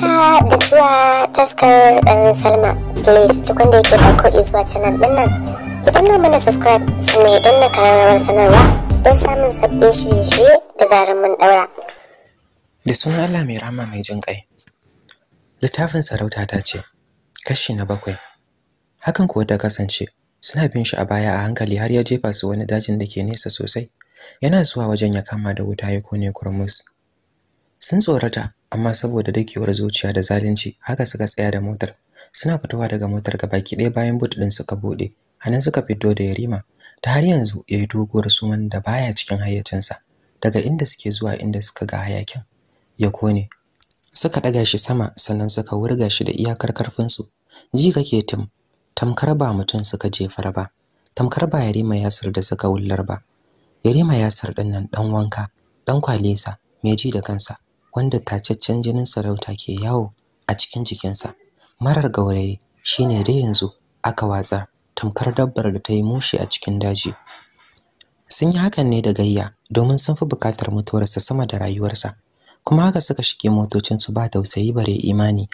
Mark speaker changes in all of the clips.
Speaker 1: haka ah, da zuwa taskar ɗan um, salma please duk wanda yake farko izuwa canal ɗin nan ki danna mana subscribe sannan don na kararrawar sanarwa don samun sabbin shirye-shirye da zarar mun ɗaura da sunan allah mai rama mai jin ƙai littafin sarauta ta ce kashi na bakwai hakan kuwa ta kasance suna bin shi a baya a hankali har ya jefa su wani dajin da ke nesa sosai yana zuwa wajen ya kama da wuta ya kone kurmus sun tsorata amma saboda dakewar zuciya da zalunci haka suka tsaya da motar suna fitowa daga motar gabaki ɗaya bayan but ɗin suka bude hannun suka fito da yarima ta har yanzu ya yi doguwar suman da baya cikin hayyacinsa daga inda suke zuwa inda suka ga hayakin ya kone suka ɗaga shi sama sannan suka wurga shi da iyakar karfinsu ji kake tim tamkar ba mutum suka jefar ba tamkar ba yarima yasir da suka wullar ba yarima yasir ɗin nan ɗan wanka ɗan kwalesa mai ji da kansa wanda tacaccen jinin sarauta ke yawo a cikin jikinsa marar gauraye ne dai yanzu aka watsa tamkar dabbar da ta yi mushi a cikin daji sun yi hakan ne da gayya domin sun fi bukatar mutuwarsa sama da rayuwarsa kuma haka suka shige motocinsu ba tausayi bare imani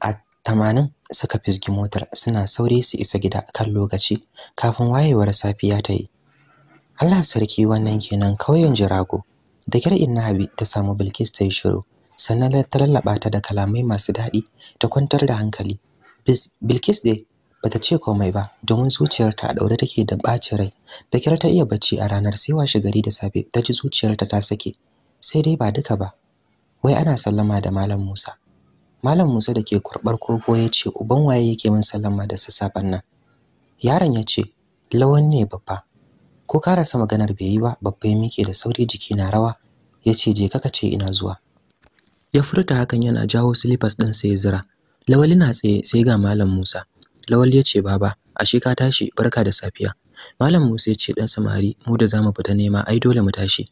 Speaker 1: a tamanin suka fisgi motar suna sauri su isa gida kan lokaci kafin wayewar safiya ta yi Allah sarki wannan kenan kauyen Jirago da kyar inna habi ta samu bilkis ta yi shiru sannan ta lallaba ta da kalamai masu daɗi ta kwantar da hankali bilkis dai bata ce komai ba domin zuciyarta a ɗaure take da ɓacin rai da kira ta iya bacci a ranar sai washe gari da safe ta ji zuciyarta ta sake sai dai ba duka ba wai ana sallama da malam Musa malam Musa da ke kurɓar koko ya ce uban waye yake min sallama da sassafen nan yaron ya ce lawan ne babba ko karasa maganar bai yi ba babba ya miƙe da sauri jiki na rawa ya ce je kaka ce ina zuwa ya furta hakan yana jawo slippers ɗin sai zira lawali na tsaye sai ga malam musa lawali ya ce baba ashe ka tashi barka da safiya malam musa ya ce ɗan samari mu da za mu fita nema ai dole mu tashi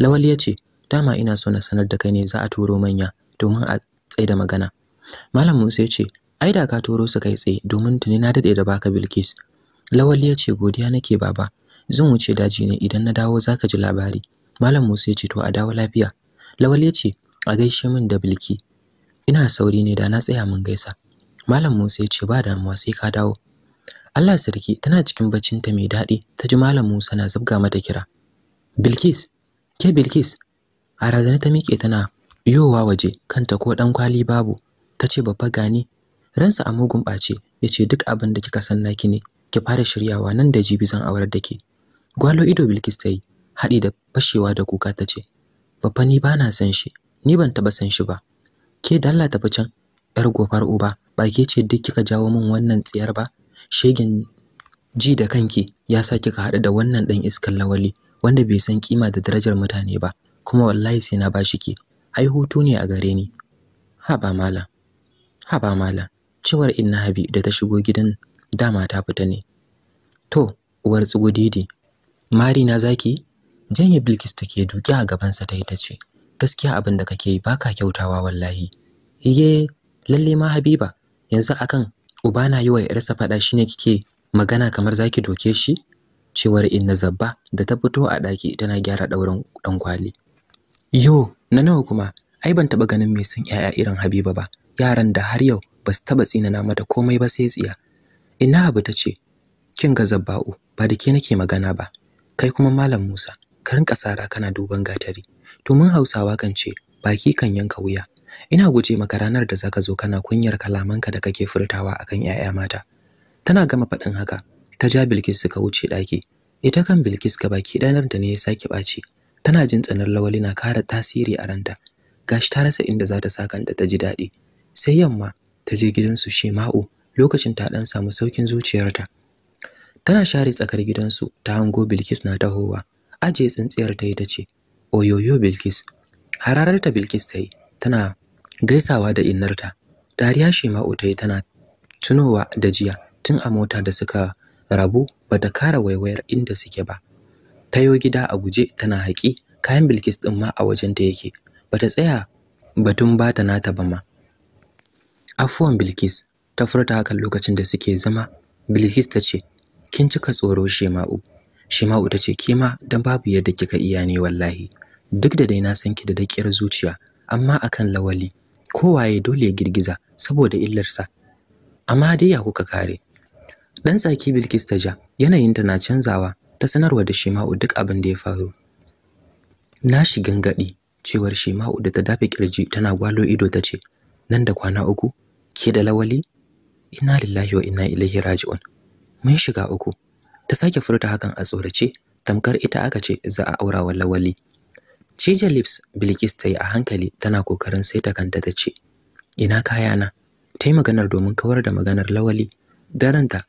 Speaker 1: lawali ya ce dama ina so na sanar da kai ne za a turo manya domin a tsaida magana malam musa ya ce ai da ka turo su kai tsaye domin tuni na daɗe da baka bilkis lawali ya ce godiya nake baba zan wuce daji ne idan na dawo zaka ji labari malam Musa ya ce to a dawo lafiya lawal yace a gaishe min da bilki ina sauri ne da na tsaya mun gaisa malam Musa ya ce ba damuwa sai ka dawo Allah sarki tana cikin baccin ta mai daɗi ta ji malam Musa na zubga mata kira Bilkis ke Bilkis a razana ta miƙe tana yowa waje kanta ko dan kwali babu tace babba gani ransa a mugun ɓace yace duk abin da kika san naki ne ki fara shiryawa nan da jibi zan aurar da ke Gwalo ido Bilkis ta yi, haɗi da fashewa da kuka ta ce, Babba ni ba na san shi, ni ban taɓa san shi ba. Ke da Allah tafi can, ‘yar gofar uba, ba ke ce duk kika jawo min wannan tsiyar ba? Shegen ji da kanki ya sa kika haɗu da wannan ɗan iskar lawali, wanda bai san kima da darajar mutane ba, kuma wallahi sai na bashi ke. Ai hutu ne a gare ni. Haba mala, Haba mala, Cewar Inna Habi da ta shigo gidan dama ta fita ne. To, uwar tsugudidi mari na zaki janye bilkis take duki a gabansa ta tayi ta ce gaskiya abin da kake yi baka kyautawa wallahi ye lalle ma habiba yanzu akan uba na yi wa yarsa faɗa shine kike magana kamar zaki doke shi cewar inna zabba da ta fito a ɗaki tana gyara ɗaurin dan kwali yo na nawa kuma ai ban taɓa ganin mai sun 'ya'ya irin habiba ba yaran da har yau ba su taɓa na mata komai ba sai tsiya inna abu tace kin ga zabba'u ba da ke nake magana ba kai kuma malam Musa ka rinka sara kana duban gatari to mun Hausawa kan ce baki kan yanka wuya ina guje maka ranar da zaka zo kana kunyar kalamanka da kake furtawa akan 'ya'ya mata tana gama faɗin haka ta ja Bilkis suka wuce ɗaki ita kan Bilkis ka baki ɗanar ne ya sake ɓaci tana jin tsanar lawali na kara tasiri a ranta gashi ta rasa inda za ta da ta ji daɗi sai yamma ta je gidansu Shema'u lokacin ta ɗan samu saukin zuciyarta tana share tsakar gidansu ta hango Bilkis na tahowa aje tsintsiyar ta yi ta ce oyoyo Bilkis hararta Bilkis ta yi tana gaisawa da innarta dariya Shema'u ta yi tana tunowa da jiya tun a mota da suka rabu ba ta kara waiwayar inda suke ba tayo gida a guje tana haƙi kayan Bilkis ɗin ma a wajen ta yake bata tsaya batun ta nata ba ma afuwan Bilkis ta furta hakan lokacin da suke zama Bilkis ta ce kin cika tsoro Shema'u Shema'u tace ke ma dan babu yadda kika iya ne wallahi duk da dai na san ki da dakiyar zuciya amma akan lawali kowaye dole ya girgiza saboda illarsa amma dai ya kuka kare dan tsaki Bilkis ta ja yanayinta na canzawa ta sanarwa da Shema'u duk abin da ya faru na shi gangadi cewar Shema'u da ta dafe kirji tana gwalo ido tace nan da kwana uku ke da lawali inna lillahi wa inna ilaihi raji'un mun shiga uku ta sake furta hakan a tsorace tamkar ita aka ce za a aura wa lawali cije lips bilkis ta yi a hankali tana kokarin sai ta kanta ta ce ina kaya na? ta yi maganar domin kawar da maganar lawali daranta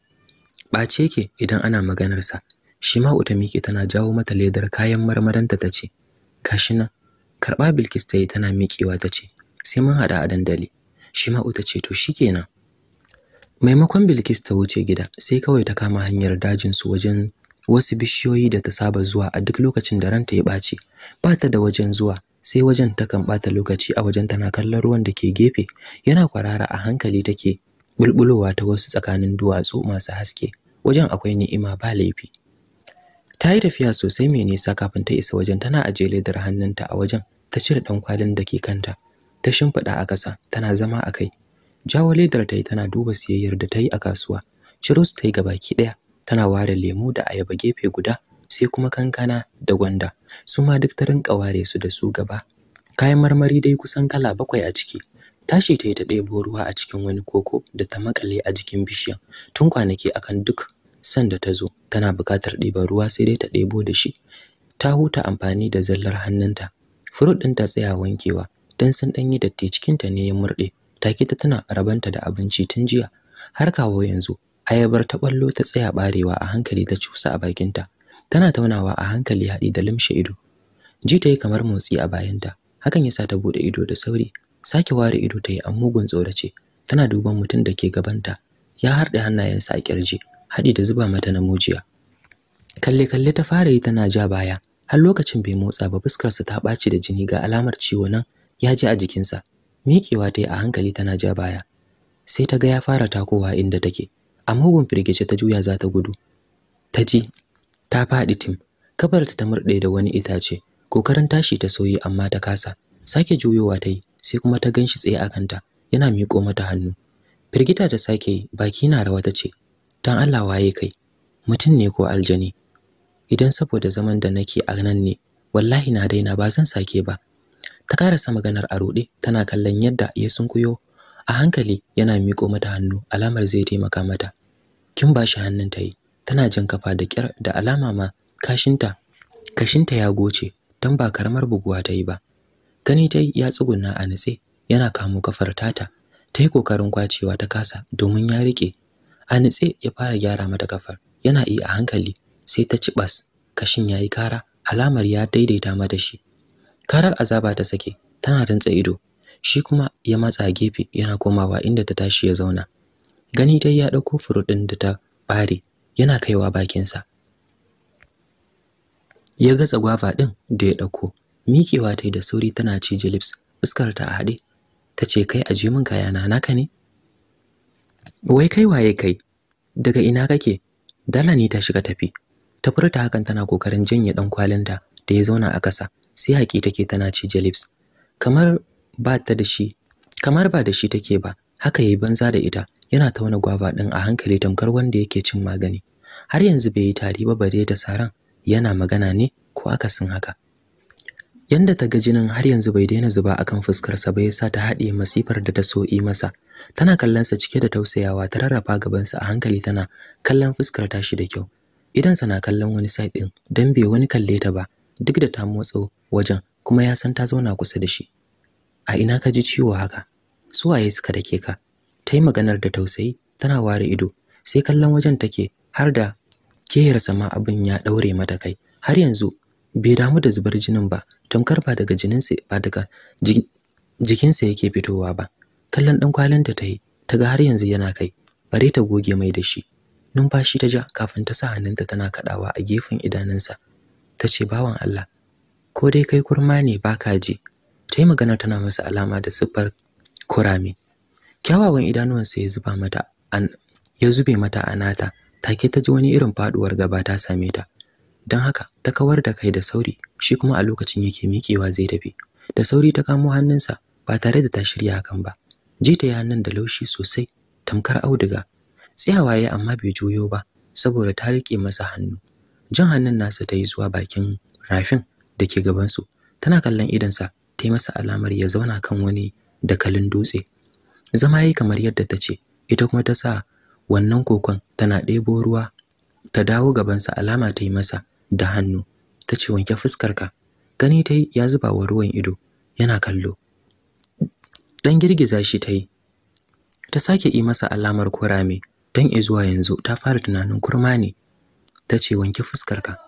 Speaker 1: ɓace ke idan ana maganarsa shi ma uta miƙe tana jawo mata ledar kayan marmaranta ta ce gashi nan karɓa bilkis ta yi tana miƙewa ta ce sai mun haɗa a dandali shi ma uta ce to shikenan maimakon bilkis ta wuce gida sai kawai ta kama hanyar dajin su wajen wasu bishiyoyi da ta saba zuwa a duk lokacin da ranta ya ɓaci ba ta da wajen zuwa sai wajen takan ɓata lokaci a wajen tana kallon ruwan da ke gefe yana kwarara a hankali take bulbulowa ta wasu tsakanin duwatsu masu haske wajen akwai ni'ima ba laifi ta yi tafiya sosai mai nisa kafin ta isa wajen tana ajiye ledar hannunta a wajen ta cire ɗan kwalin da ke kanta ta shimfiɗa a ƙasa tana zama a kai jawo ledar ta tana duba siyayyar da ta yi a kasuwa ciro su ta yi ki ɗaya tana ware lemu da ayaba gefe guda sai kuma kankana da gwanda su ma duk ta rinka ware su da su gaba kayan marmari dai kusan kala bakwai a ciki tashi ta yi ta ɗebo ruwa a cikin wani koko da ta makale a jikin bishiyan tun kwanaki akan duk san da ta zo tana buƙatar ɗiban ruwa sai dai ta ɗebo da shi ta huta amfani da zallar hannunta furut ɗin ta tsaya wankewa don sun ɗanyi datti cikinta ne ya murɗe take ta tana rabanta da abinci tun jiya har kawo yanzu ayabar ta ballo ta tsaya barewa a hankali ta cusa a bakinta tana taunawa a hankali haɗi da limshe ido ji ta yi kamar motsi a bayanta hakan ya sa ta buɗe ido da sauri sake ware ido ta yi a mugun tsorace tana duban mutum da ke gabanta ya harɗe hannayensa a ƙirji haɗi da zuba mata na mujiya kalle kalle ta fara yi tana ja baya har lokacin bai motsa ba fuskarsa ta ɓaci da jini ga alamar ciwo nan ya ji a jikinsa miƙewa ta a hankali tana ja baya sai ta ga ya fara takowa inda take a mugun firgice ta juya za ta gudu ta ji ta faɗi tim kafarta ta murɗe da wani itace kokarin tashi ta soyi amma ta kasa sake juyowa ta yi sai kuma ta ganshi tsaye a kanta yana miƙo mata hannu firgita ta sake yi baki na rawa ta ce dan Allah waye kai mutum ne ko aljani idan saboda zaman da nake a nan ne wallahi na daina ba zan sake ba ta karasa maganar a ruɗe tana kallon yadda ya sunkuyo a hankali yana miko mata hannu alamar zai taimaka mata kin ba shi hannun ta yi tana jin kafa da kyar da alama ma kashinta kashinta ya goce dan ba karamar buguwa ta yi ba gani ta ya tsugunna a nitse yana kamo kafar tata ta yi kokarin kwacewa ta kasa domin ya riƙe. a nitse ya fara gyara mata kafar yana iya a hankali sai ta ci bas kashin yayi kara alamar ya daidaita mata shi karar azaba ta sake tana rantsa ido shi kuma ya matsa gefe yana komawa inda ta tashi ya zauna gani dai ya dauko furudin ɗin da ta bare yana kaiwa bakin sa ya ga tsagwafa din da ya dauko mikewa ta da sauri tana ci lips fuskar ta hade haɗe ta ce kai aje min kayana naka ne wai kai waye kai daga ina kake dala ne ta shiga tafi ta furta hakan tana kokarin janye dan kwalinta da ya zauna a kasa. sai haƙi take tana ce lips kamar ba ta da shi kamar ba da shi take ba haka yayi banza da ita yana tauna gwaba ɗin a hankali tamkar wanda yake cin magani har yanzu bai yi tari ba bare da saran yana magana ne ko akasin haka yanda ta ga jinin har yanzu bai daina zuba akan fuskarsa ba yasa ta haɗe masifar da ta so yi masa tana kallonsa cike da tausayawa ta rarrafa gabansa a hankali tana kallon fuskar tashi da kyau idan sa na kallon wani side din dan bai wani kalle ta ba duk da ta motsa wajen kuma ya san ta zauna kusa da shi a ina ka ji ciwo haka su waye suka dake ka ta yi maganar da tausayi tana ware ido sai kallon wajen take har da keyarsa sama abin ya daure mata kai har yanzu bai damu da zubar jinin ba tamkar ba daga jininsa ba daga jikinsa yake fitowa ba kallon dan kwalinta ta yi ta ga har yanzu yana kai bare ta goge mai da shi numfashi ta ja kafin ta sa hannunta tana kadawa a gefen idanunsa ta ce bawan Allah ko dai kai kurma ne baka ji ta yi magana tana masa alama da siffar kurame kyawawan idanuwansa ya zuba mata an ya zube mata a nata take ta ji wani irin faduwar gaba ta same ta don haka ta kawar da kai da sauri shi kuma a lokacin yake miƙewa zai tafi da sauri ta kamo hannunsa ba tare da ta shirya hakan ba Ji ta yi hannun da laushi sosai tamkar auduga tsayawa ya amma bai juyo ba saboda ta riƙe masa hannu Jin hannun nasa ta yi zuwa bakin rafin da ke gabansu tana kallon sa ta yi masa alamar ya zauna kan wani dakalin dutse zama yayi kamar yadda ta ce ita kuma ta sa wannan kokon tana ɗebo ruwa ta dawo gabansa alama ta yi masa da hannu ta ce wanke fuskarka gani ta yi ya zuba wa ruwan ido yana kallo dan girgiza shi ta yi ta sake yi masa alamar kurame don izuwa yanzu ta fara tunanin kurma ne ta ce wanke fuskarka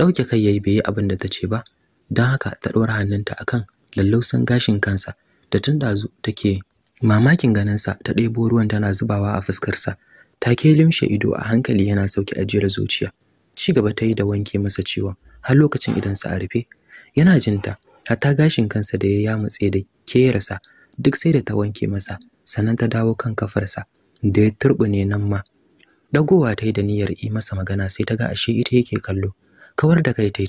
Speaker 1: Ɗauke kai yayi bai yi abin da ta ce ba, don haka ta ɗora hannunta akan lallausan gashin kansa da tun dazu take mamakin ganin sa ta ɗebo ruwan tana zubawa a fuskarsa. Take limshe ido a hankali yana sauke ajiyar zuciya. Ci gaba ta yi da wanke masa ciwon har lokacin idan sa a rufe. Yana jinta, hatta gashin kansa da ya yamutse da kerarsa duk sai da ta wanke masa sannan ta dawo kan kafarsa da ya turɓune nan ma. Dagowa ta yi da niyyar yi masa magana sai ta ga ashe ita yake kallo. kawar da kai tai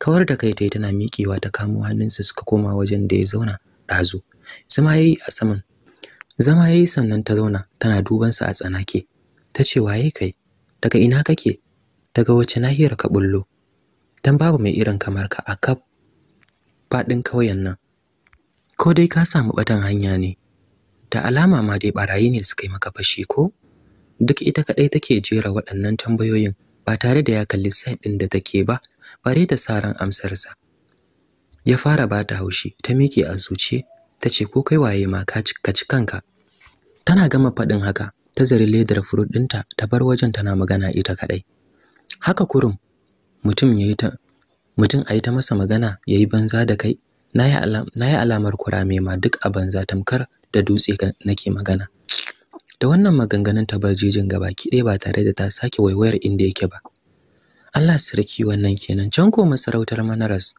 Speaker 1: kawar da kai tai tana miƙewa ta kamo hannunsa suka koma wajen da ya zauna ɗazu zama yayi a saman zama yayi sannan ta zauna tana duban sa a tsanake ta ce waye kai daga ina kake daga wace nahiyar ka bullo dan babu mai irin kamar ka a kaf faɗin kauyen nan ko dai ka samu batan hanya ne da alama ma dai barayi ne suka yi maka fashi ko duk ita kadai take jera waɗannan tambayoyin ba tare da ya kalli sai ɗin da take ba bare da sa ran amsarsa ya fara ba ta haushi ta miƙe a zuciye ta ce ko kai waye ma ka ci kanka tana gama faɗin haka ta zari ledar furut ɗinta ta bar wajen tana magana ita kaɗai haka kurum mutum yayi ta mutum ayi ta masa magana yayi banza da kai nayi yi alamar kurame ma duk a banza tamkar da dutse nake magana da wannan maganganun tabarjejin ki ɗaya ba tare da ta sake waiwayar inda yake ba Allah sarki wannan kenan can ko masarautar Manaras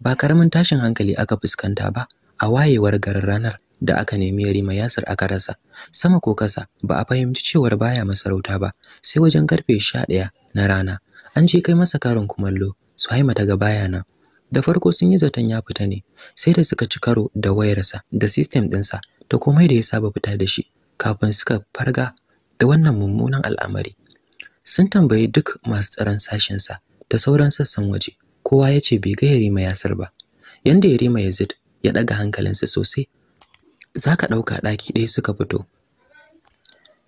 Speaker 1: ba karamin tashin hankali aka fuskanta ba a wayewar garin ranar da aka nemi Yarima Yasir aka rasa sama ko kasa ba a fahimci cewar baya masarauta ba sai wajen karfe ɗaya na rana an je kai masa karin kumallo su haima ga baya na da farko sun yi zaton ya fita ne sai da suka ci karo da wayarsa da system ɗinsa ta komai da ya saba fita da shi kafin suka farga da wannan mummunan al'amari sun tambayi duk masu tsaron sashensa da sauran sassan waje kowa ya ce bai ga yarima yasir ba yanda yarima yazid ya ɗaga hankalinsa sosai za ka ɗauka ɗaki ɗaya suka fito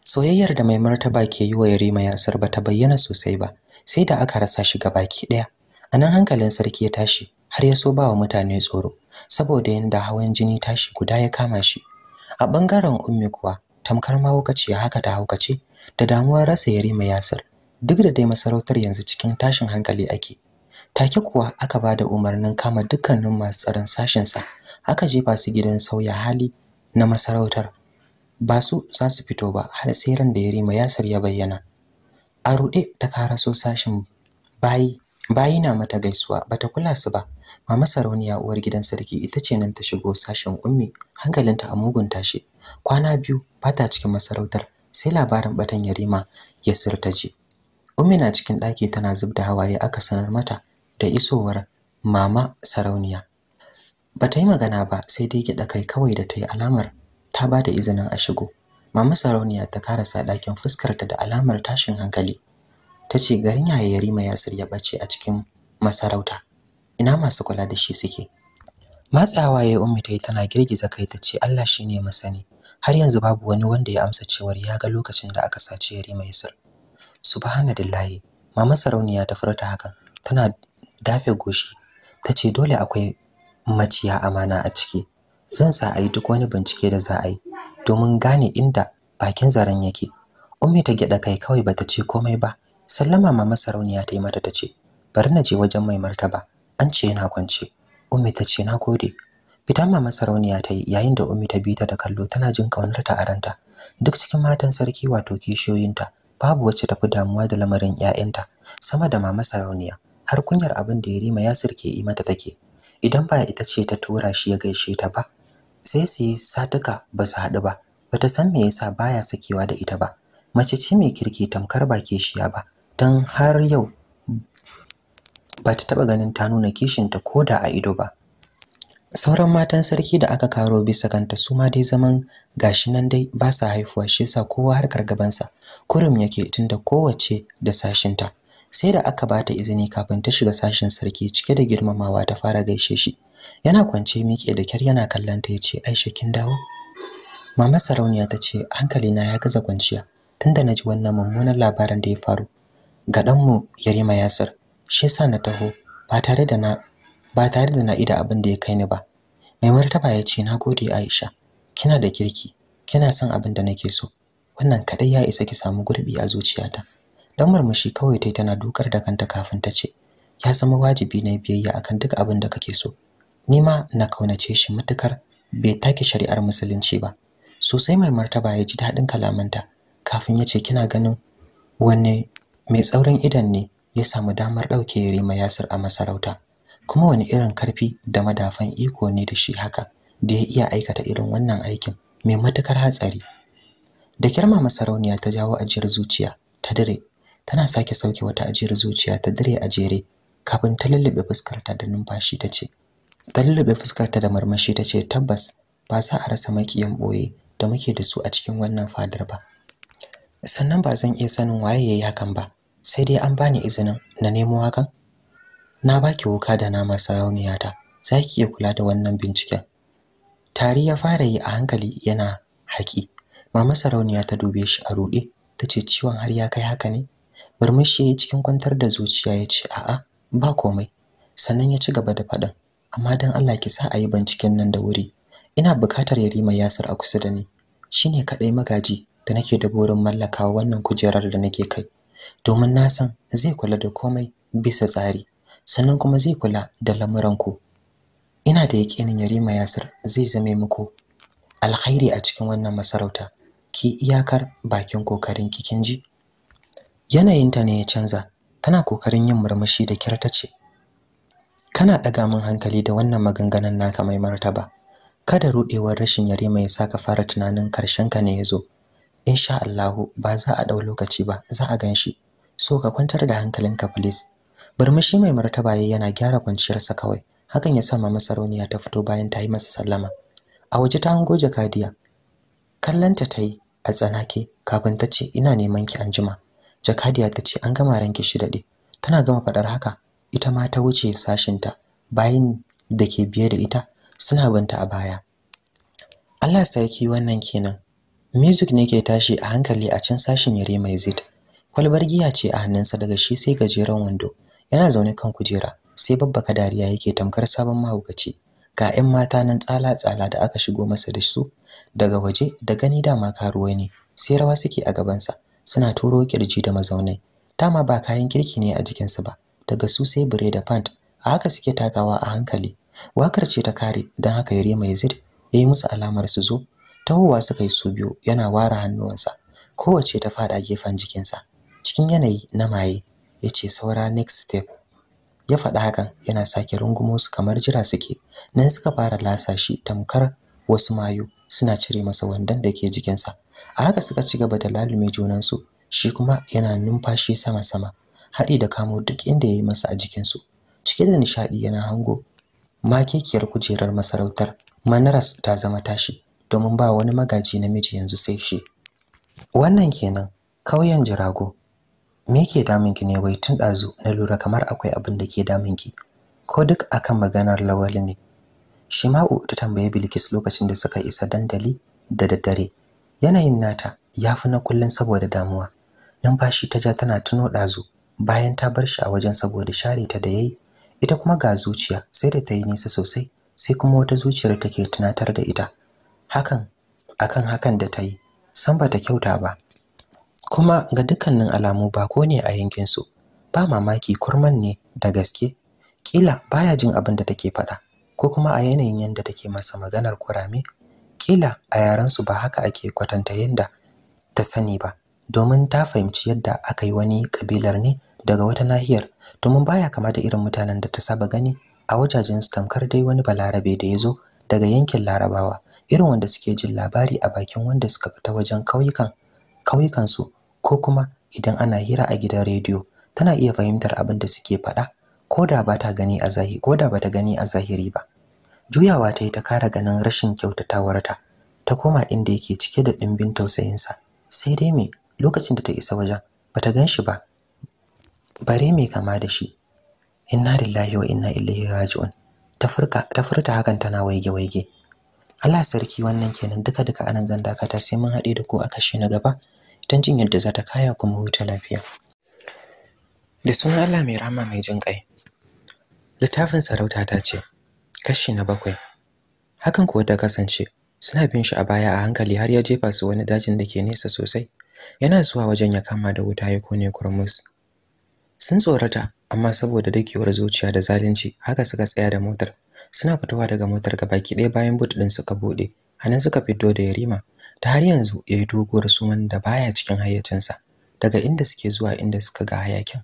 Speaker 1: soyayyar da mai martaba ke yi wa yarima yasir ba ta bayyana sosai ba sai da aka rasa shi baki ɗaya a nan hankalin sarki ya tashi har ya so ba wa mutane tsoro saboda yadda hawan jini tashi guda ya kama shi a ɓangaren ummi kuwa tamkar mahaukaciya haka da haukace da damuwar rasa yarima yasir duk da dai masarautar yanzu cikin tashin hankali ake take kuwa aka bada umarnin kama dukkanin masu tsaron sa aka jefa su gidan sauya hali na masarautar ba su za su fito ba har sai ran da yarima yasir ya bayyana a rude, ta karaso sashin bayi bayi na mata gaisuwa bata kula su ba mama sarauniya uwar gidan sarki ita ce nan ta shigo sashin ummi hankalinta a mugun tashi kwana biyu bata cikin masarautar sai labarin batan yarima ya sirtace ummi na cikin ɗaki tana zub zubda hawaye aka sanar mata da isowar mama sarauniya bata yi magana ba sai dai gyaɗa kai kawai da ta yi alamar ta ba da izinin a shigo mama sarauniya ta karasa ɗakin ta da alamar tashin hankali ta ce garin yaya yarima ya sirya bace a cikin masarauta ina masu kula da shi suke matsawa ya ummi ta tana girgiza kai ta ce Allah shi ne masani har yanzu babu wani wanda ya amsa cewar ya ga lokacin da aka sace mai sir subhanallahi mama sarauniya ta furta hakan tana dafe goshi tace dole akwai maciya amana a ciki zan sa a duk wani bincike da za a yi domin gane inda bakin zaren yake ummi ta gyada kai kawai bata ce komai ba sallama mama sarauniya ta yi mata tace bari na je wajen mai martaba an ce yana kwance ummi ta ce gode. Fita mama sarauniya ta yi yayin da Ummi ta bi ta da kallo tana jin kaunar ta a Duk cikin matan sarki wato kishiyoyinta babu wacce tafi damuwa da lamarin 'ya'yanta sama da mama sarauniya. Har kunyar abin da Yarima ya sirke yi mata take. Idan ba ita ce ta tura shi ya gaishe ta ba, sai su yi satuka ba su haɗu ba. Bata san me yasa baya sakewa da ita ba. Mace ce mai kirki tamkar ba kishiya ba, don har yau ba ta taɓa ganin ta nuna kishinta ko da a ido ba. sauran matan sarki da aka karo bisa kanta su ma dai zaman gashi nan dai ba sa haifuwa shi yasa kowa harkar gabansa kurum yake tunda kowace da sashinta sai da aka bata izini kafin ta shiga sashin sarki cike da girmamawa ta fara gaishe shi yana kwance miƙe da kyar yana kallon ta yace Aisha kin dawo Mama Sarauniya ta ce hankali na ya gaza kwanciya tunda naji wannan mummunan labarin da ya faru ga danmu Yarima Yasir shi yasa na taho ba tare da na ba tare da na ida abin da ya kai ni ba mai martaba ya ce gode Aisha kina da kirki kina son abin da nake so wannan kadai ya isa ki samu gurbi a zuciyata dan murmushi kawai yi tana dukar da kanta kafin ta ce ya zama wajibi na biyayya akan duk abin da kake so ni ma na kaunace shi matukar bai take shari'ar musulunci ba sosai mai martaba ya ji daɗin kalamanta kafin ya ce kina ganin wanne mai tsaurin idan ne ya samu damar ɗauke ma Yasir a masarauta kuma wani irin karfi da madafan iko ne da shi haka da ya iya aikata irin wannan aikin mai matukar hatsari da kirma masarauniya ta jawo ajiyar zuciya ta dire tana sake sauke wata ajiyar zuciya ta dire a jere kafin ta lullube fuskarta da numfashi ta ce ta lullube fuskarta da marmashi ta ce tabbas ba sa a rasa makiyan boye da muke da su a cikin wannan fadar ba sannan ba zan iya sanin waye yayi hakan ba sai dai an bani izinin na nemo hakan na baki wuka da nama sarauniyata za ki iya kula da wannan binciken tari ya fara yi a hankali yana haƙi mama sarauniya ta dube shi a ruɗe ta ce ciwon har ya kai haka ne murmushi ya yi cikin kwantar da zuciya ya ce a'a ba komai sannan ya ci gaba da faɗan amma don allah ki sa a yi binciken nan da wuri ina buƙatar ya rima yasir a kusa da ni shine kaɗai magaji da nake da burin mallakawa wannan kujerar da nake kai domin na san zai kula da komai bisa tsari sannan kuma zai kula da lamuranku ina da yakinin yarima yasir zai zame muku alkhairi a cikin wannan masarauta ki iyakar bakin kokarin kin ji yanayinta ne ya canza tana kokarin yin murmushi da kirtace. kana daga min hankali da wannan maganganun naka mai martaba kada rudewar rashin yare mai saka fara tunanin karshen ka ne yazo insha Allah ba za a dau lokaci ba za a ganshi so ka kwantar da hankalinka please Burmushi mai martaba yayi yana gyara kwanciyarsa kawai. Hakan ya sa mama Saroniya ta fito bayan ta yi masa sallama. A waje ta hango Jakadiya. Kallanta ta yi a tsanake kafin ta ce ina neman ki anjima. Jakadiya ta ce an gama ranki shi dade. Tana gama fadar haka ita ma ta wuce sashinta bayan da ke biye da ita suna banta a baya. Allah sarki wannan kenan. Music ne ke tashi a hankali a can sashin yare mai zid. Kwalbar giya ce a hannunsa daga shi sai gajeren wando. yana zaune kan kujera sai babbaka dariya yake tamkar sabon mahaukaci ga 'yan mata nan tsala-tsala da aka shigo masa da su daga waje da gani dama karuwai ne sai rawa suke a gabansa suna turo kirji da mazaunai dama ba kayan kirki ne a jikinsu ba daga su sai bire da pant a haka suke takawa a hankali wakar ce ta kare don haka yare mai zid ya yi musu alamar su zo tahowa suka yi su biyu yana ware hannuwansa kowace ta faɗa gefen jikinsa cikin yanayi na maye ya ce saura next step ya faɗi hakan yana sake rungumo su kamar jira suke nan suka fara lasa shi tamkar wasu mayu suna cire masa wandon da ke jikinsa a haka suka ci gaba da lalume junansu shi kuma yana numfashi sama-sama haɗi da kamo duk inda ya yi masa a jikinsu cike da nishaɗi yana hango makekiyar kujerar masarautar manaras ta zama tashi domin ba wani magaji namiji yanzu sai shi wannan kenan kauyen jirago me ke damun ki ne wai tun ɗazu na lura kamar akwai abin da ke damun ki ko duk akan maganar lawali ne shima'u ta tambaye bilkis lokacin da suka isa dandali da daddare yanayin nata ya fi na kullun saboda damuwa numfashi ta ja tana tuno ɗazu bayan ta bar shi a wajen saboda share ta da yayi ita kuma ga zuciya sai da ta yi nisa sosai sai kuma wata zuciyar take tunatar da ita hakan akan hakan da ta yi san ba ta kyauta ba kuma ga dukkanin alamu ba ko ne a yankin su, ba mamaki kurman ne da gaske kila baya jin abin da take faɗa ko kuma a yanayin yadda take masa maganar kurame kila a yarensu ba haka ake kwatanta yadda ta sani ba domin ta fahimci yadda aka yi wani kabilar ne daga wata nahiyar domin baya kama da irin mutanen da ta saba gani a wajajen su tamkar dai wani balarabe da ya zo daga yankin larabawa irin wanda suke jin labari a bakin wanda suka fita wajen kauyukan kauyukansu ko kuma idan ana hira a gidan rediyo tana iya fahimtar abin da suke faɗa ko da ba ta gani a zahiri ko da ba ta gani a zahiri ba juyawa ta yi ta kara ganin rashin kyautatawarta ta ta koma inda yake cike da ɗimbin tausayinsa sai dai me lokacin da ta isa wajen bata gan shi ba bare mai kama da shi inna lillahi wa inna ilaihi raji'un ta furka ta furta hakan tana waige waige Allah sarki wannan kenan duka duka anan zan dakata sai mun haɗe da ku a kashi na gaba don jin yadda za ta kaya kuma huta lafiya da sunan Allah mai rama mai jin ƙai. littafin sarauta ta ce kashi na bakwai hakan kuwa ta kasance suna bin shi a baya a hankali har ya jefa su wani dajin da ke nesa sosai yana zuwa wajen ya kama da wuta ya kone kurmus sun tsorata amma saboda dakewar zuciya da zalunci haka suka tsaya da motar suna fitowa daga motar gabaki ɗaya bayan but ɗin suka buɗe hannun suka fito da yarima ta har yanzu ya yi doguwar suman da baya cikin hayyacinsa daga inda suke zuwa inda suka ga hayakin